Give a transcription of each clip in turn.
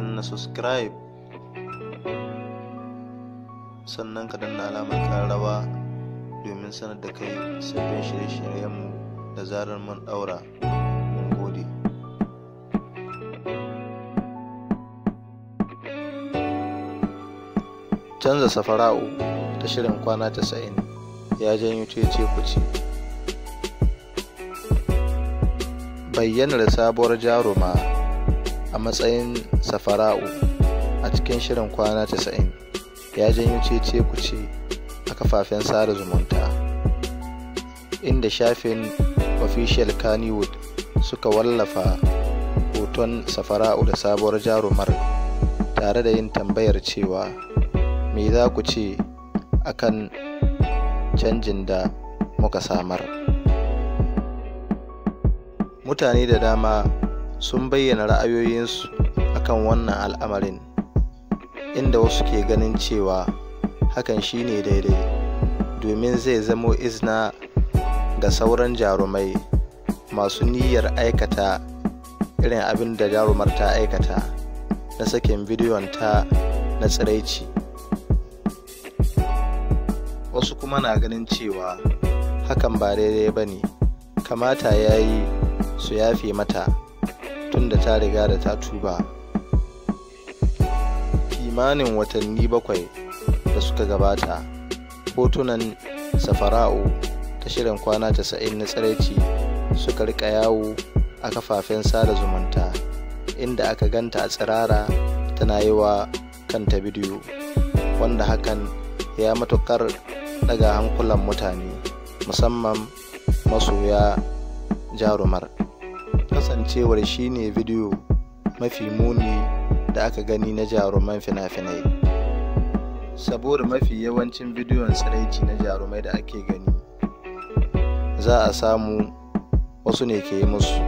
na subscribe sannan ka danna alamar rawa domin sanar da kai sabbin shirye-shiryenmu da zarar mun daura canza safara'u ta shirin kwana 90 ya janyo ce kuce bayyanar sabuwar jaruma a matsayin safara'u a cikin shirin kwana 90 ya janyo cece kuce a kafafen sada zumunta inda shafin official kannywood suka wallafa hoton safara'u da sabuwar jarumar tare da yin tambayar cewa me za ku ce akan canjin da muka samar mutane da dama sun bayyana ra'ayoyinsu akan wannan al'amarin inda wasu ke ganin cewa hakan shine daidai domin zai zamo izna ga sauran jarumai masu niyyar aikata irin abin da jarumar ta aikata na sakin bidiyon ta na tsiraici wasu kuma na ganin cewa hakan ba daidai ba ne kamata ya yi su yafe mata tun da ta riga da ta tuba kimanin watanni bakwai da suka gabata hotunan safara'u ta shirin kwana 90 na tsiraici suka rika yawo a kafafen sada zumunta inda aka ganta a tsirara tana yi wa kanta bidiyo wanda hakan ya matukar daga hankulan mutane musamman masoya jarumar kasancewar shi ne bidiyo mafi muni da aka gani na jaruman fina-finai saboda mafi yawancin bidiyon tsiraici na jarumai da ake gani za a samu wasu ne ke yi musu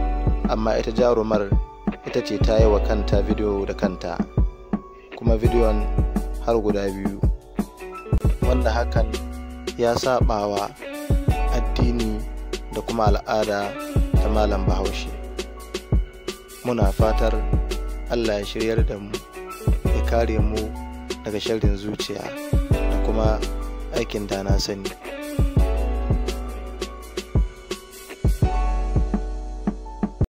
amma ita jarumar ita ce ta yi wa kanta bidiyo da kanta kuma bidiyon har guda biyu wanda hakan ya saɓawa addini da kuma al'ada ta malam bahaushe muna fatar allah ya shiryar da mu ya kare mu daga sharrin zuciya da kuma aikin da na sani